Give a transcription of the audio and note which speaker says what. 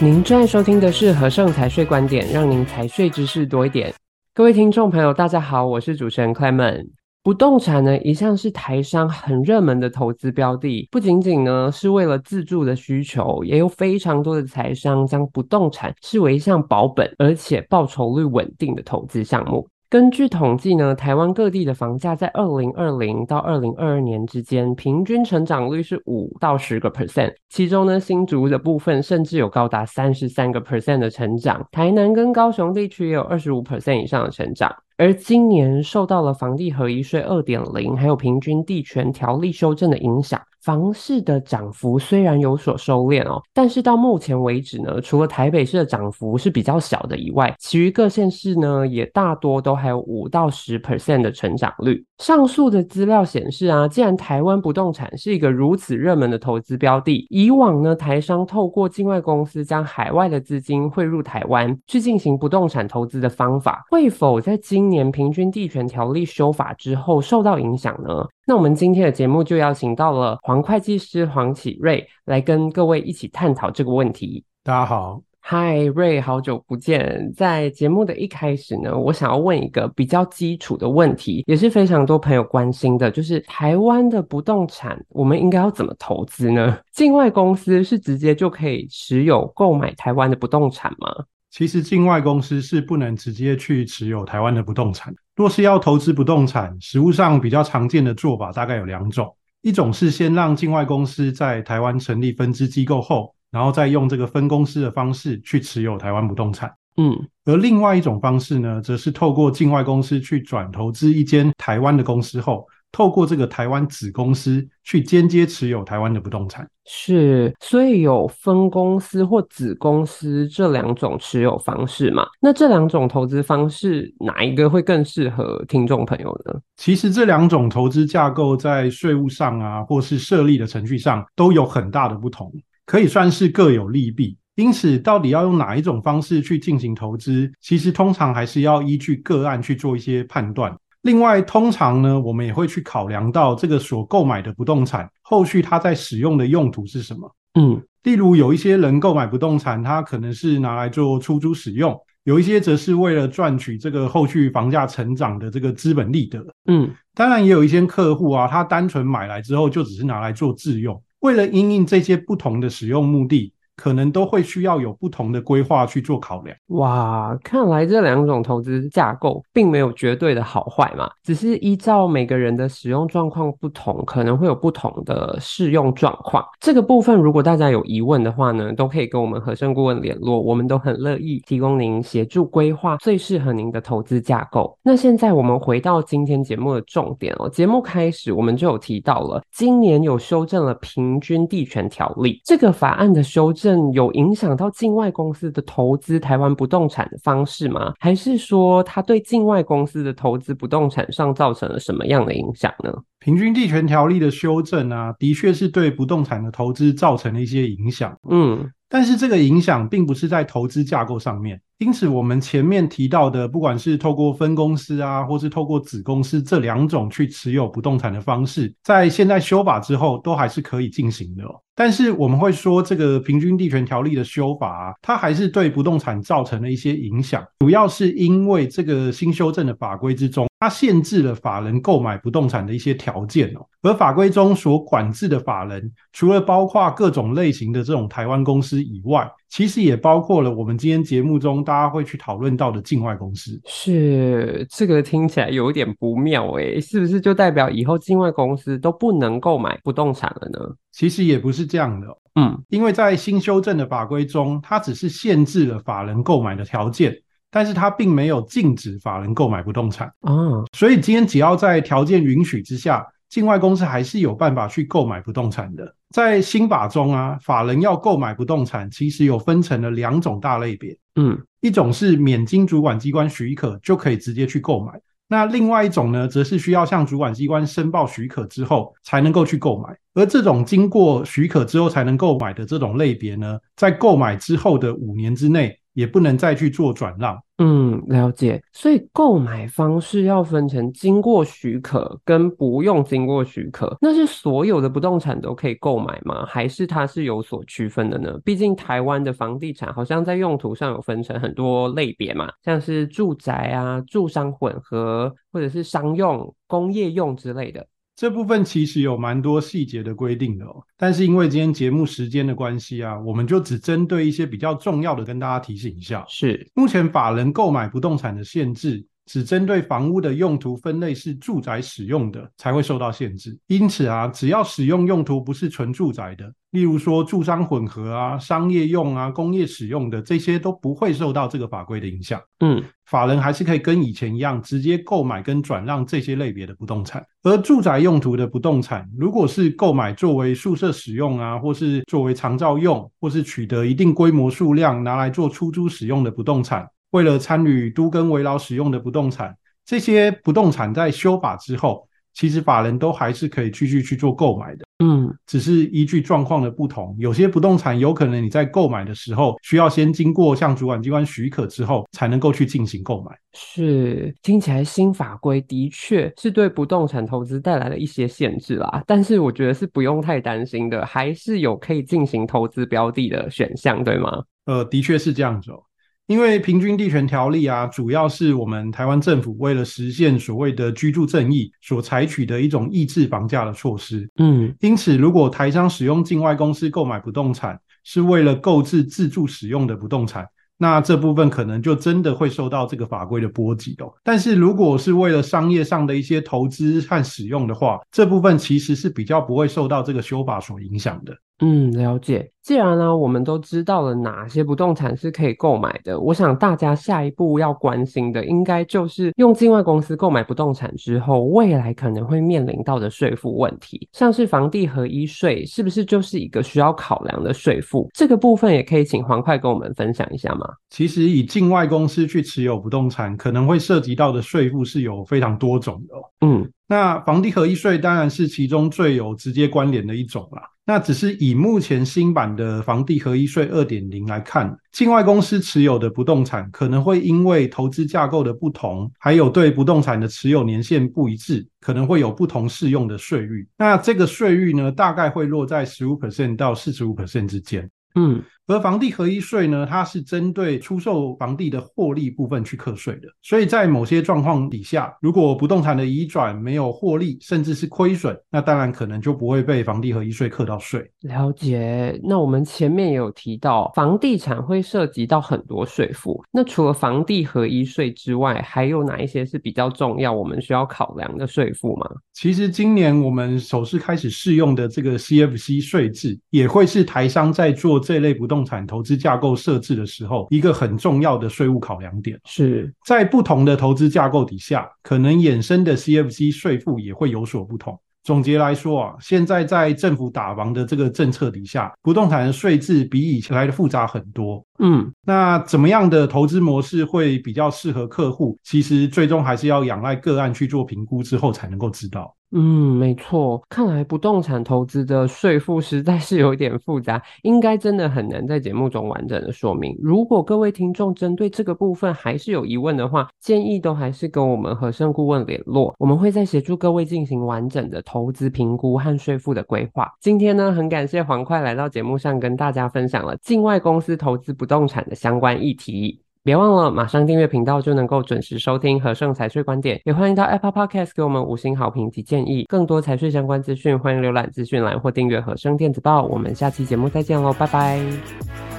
Speaker 1: 您正在收聽的是荷盛財稅觀點，讓您財稅知識多一點。各位聽眾朋友，大家好，我是主持人 Clement。不動產呢一向是台商很熱門的投資標的，不僅僅呢是為了自住的需求，也有非常多的財商將不動產視為一項保本而且報酬率穩定的投資項目。根據統計呢，台灣各地的房價在二零二零到二零二二年之間，平均成長率是五到十個 percent，其中呢新竹的部分甚至有高達三十三個 percent 的成長，台南跟高雄地區也有二十五 percent 以上的成長，而今年受到了房地合一稅二點零，還有平均地權條例修正的影響。房市的漲幅雖然有所收斂哦，但是到目前為止呢，除了台北市的漲幅是比較小的以外，其餘各縣市呢也大多都還有五到十 percent 的成長率。上述的資料顯示啊，既然台灣不動產是一個如此熱門的投資標的，以往呢台商透過境外公司將海外的資金匯入台灣去進行不動產投資的方法，會否在今年平均地權條例修法之後受到影響呢？那我們今天的節目就邀請到了黃會計師黃啟瑞來跟各位一起探討這個問題。大家好，嗨，瑞，好久不見。在節目的一開始呢，我想要問一個比較基礎的問題，也是非常多朋友關心的，就是台灣的不動產，我們應該要怎麼投資呢？境外公司是直
Speaker 2: 接就可以持有購買台灣的不動產嗎？其實境外公司是不能直接去持有台灣的不動產。若是要投資不動產，實務上比較常見的做法大概有兩種：一種是先讓境外公司在台灣成立分支機構後，然後再用這個分公司的方式去持有台灣不動產；嗯，而另外一種方式呢，則是透過境外公司去轉投資一間台灣的公司後。透過這個台灣子公司去間接持有台灣的不動產。
Speaker 1: 是，所以有分公司或子公司這兩種持有方式嘛？那這兩種投資
Speaker 2: 方式哪一個會更適合聽眾朋友呢？其實這兩種投資架構在稅務上啊，或是設立的程序上都有很大的不同，可以算是各有利弊。因此，到底要用哪一種方式去進行投資，其實通常還是要依據個案去做一些判斷。另外，通常呢，我們也會去考量到這個所購買的不動產後續它在使用的用途是什麼。嗯，例如有一些人購買不動產，他可能是拿來做出租使用；有一些則是為了賺取這個後續房價成長的這個資本利得。嗯，當然也有一些客戶啊，他單純買來之後就只是拿來做自用。為了因應這些不同的使用目的，可能都會需要有不同的規劃去做考量。
Speaker 1: 哇，看來這兩種投資架構並沒有絕對的好壞嘛，只是依照每個人的使用狀況不同，可能會有不同的適用狀況。這個部分如果大家有疑問的話呢，都可以跟我們荷盛顧問聯絡，我們都很樂意提供您協助規劃最適合您的投資架構。那現在我們回到今天節目的重點哦，節目開始我們就有提到了，今年有修正了平均地權條例這個法案的修正。有影響到境外公司的投資台灣不動產的方式嗎？還是說它對境外公司的投資不動產上造成了什麼樣的影響呢？
Speaker 2: 平均地權條例的修正啊，的確是對不動產的投資造成了一些影響。嗯，但是這個影響並不是在投資架構上面。因此，我們前面提到的，不管是透過分公司啊，或是透過子公司這兩種去持有不動產的方式，在現在修法之後，都還是可以進行的哦。但是，我們會說，這個平均地權條例的修法啊，它還是對不動產造成了一些影響。主要是因為這個新修正的法規之中，它限制了法人購買不動產的一些條件哦。而法規中所管制的法人，除了包括各種類型的這種台灣公司以外，其實也包括了我們今天節目中大家會去討論到的境外公司。
Speaker 1: 是，這個聽起來有點不妙，誒，是不是就代表以後境
Speaker 2: 外公司都不能購買不動產了呢？其實也不是這樣的，嗯，因為在新修正的法規中，它只是限制了法人購買的條件，但是它並沒有禁止法人購買不動產啊。嗯，所以今天只要在條件允許之下。境外公司還是有辦法去購買不動產的。在新法中啊，法人要購買不動產，其實有分成了兩種大類別。嗯，一種是免經主管機關許可就可以直接去購買，那另外一種呢，則是需要向主管機關申報許可之後才能夠去購買。而這種經過許可之後才能購買的這種類別呢，在購買之後的五年之內，也不能再去做轉讓。嗯，了解。所以購買方式要分成經過許可跟不用經
Speaker 1: 過許可。那是所有的不動產都可以購買嗎？還是它是有所區分的呢？畢竟台灣的房地產好像在用途上有分成很多類別嘛，像是住
Speaker 2: 宅啊、住商混合或者是商用、工業用之類的。這部分其實有蠻多細節的規定的哦，但是因為今天節目時間的關係啊，我們就只針對一些比較重要的跟大家提醒一下。是。目前法人購買不動產的限制，只針對房屋的用途分類是住宅使用的，才會受到限制。因此啊，只要使用用途不是純住宅的。例如說，住商混合啊、商業用啊、工業使用的這些都不會受到這個法規的影響。嗯，法人還是可以跟以前一樣，直接購買跟轉讓這些類別的不動產。而住宅用途的不動產，如果是購買作為宿舍使用啊，或是作為長照用，或是取得一定規模數量拿來做出租使用的不動產，為了參與都更危老使用的不動產，這些不動產在修法之後，其實法人都還是可以繼續去做購買的。嗯，只是依據狀況的不同，有些不動產有可能你在購買的時候需要先經過向主管機關許可之後才能夠去進行購買。
Speaker 1: 是，聽起來新法規的確是對不動產投資帶來了一些限制啦，但是我覺得是不用太擔心的，還是有可以進行投資標的的選項，對嗎？
Speaker 2: 呃，的確是這樣子喔。因為平均地權條例啊，主要是我們台灣政府為了實現所謂的居住正義所採取的一種抑制房價的措施。嗯，因此，如果台商使用境外公司購買不動產是為了購置自住使用的不動產，那這部分可能就真的會受到這個法規的波及哦。但是如果是為了商業上的一些投資和使用的話，這部分其實是比較不會受到這個修法所影響的。
Speaker 1: 嗯，了解。
Speaker 2: 既然呢、啊，
Speaker 1: 我們都知道了哪些不動產是可以購買的，我想大家下一步要關心的，應該就是用境外公司購買不動產之後，未來可能會面臨到的稅負問題，像是房地合一稅，是不是就是一個需要考量的稅負？這個部分也可以請黃會跟我們分享一下嗎？
Speaker 2: 其實以境外公司去持有不動產，可能會涉及到的稅負是有非常多種的。嗯。那房地合一稅當然是其中最有直接關聯的一種啦。那只是以目前新版的房地合一稅二點零來看，境外公司持有的不動產可能會因為投資架構的不同，還有對不動產的持有年限不一致，可能會有不同適用的稅率。那這個稅率呢，大概會落在十五 percent 到四十五 percent 之間。嗯。而房地合一稅呢，它是針對出售房地的獲利部分去課稅的，所以在某些狀況底下，如果不動產的移轉沒有獲利，甚至是虧損，那當然可能就不會被房地合一稅課到稅。
Speaker 1: 了解。那我們前面也有提到，房地產會涉及到很多稅負，那除了房地合一稅之外，還有哪一些是比較重要我們需要考量的稅負嗎？其實今年
Speaker 2: 我們首次開始適用的這個 CFC 稅制，也會是台商在做這類不動產產投資架構設置的時候，一個很重要的稅務考量點是在不同的投資架構底下，可能衍生的 CFC 稅負也會有所不同。總結來說啊，現在在政府打房的這個政策底下，不動產的稅制比以前來的複雜很多。嗯，那怎麼樣的投資模式會比較適合客戶？其實最終還是要仰賴個案去做評估之後才能夠知道。
Speaker 1: 嗯，沒錯，看來不動產投資的稅負實在是有點複雜，應該真的很難在節目中完整的說明。如果各位聽眾針對這個部分還是有疑問的話，建議都還是跟我們荷盛顧問聯絡，我們會再協助各位進行完整的投資評估和稅負的規劃。今天呢，很感謝黃會來到節目上跟大家分享了境外公司投資不動產的相關議題。別忘了馬上訂閱頻道，就能夠準時收聽荷盛財稅觀點。也歡迎到 Apple Podcast 給我們五星好評及建議。更多財稅相關資訊，歡迎瀏覽資訊欄或訂閱荷盛電子報。我們下期節目再見嘍，拜拜。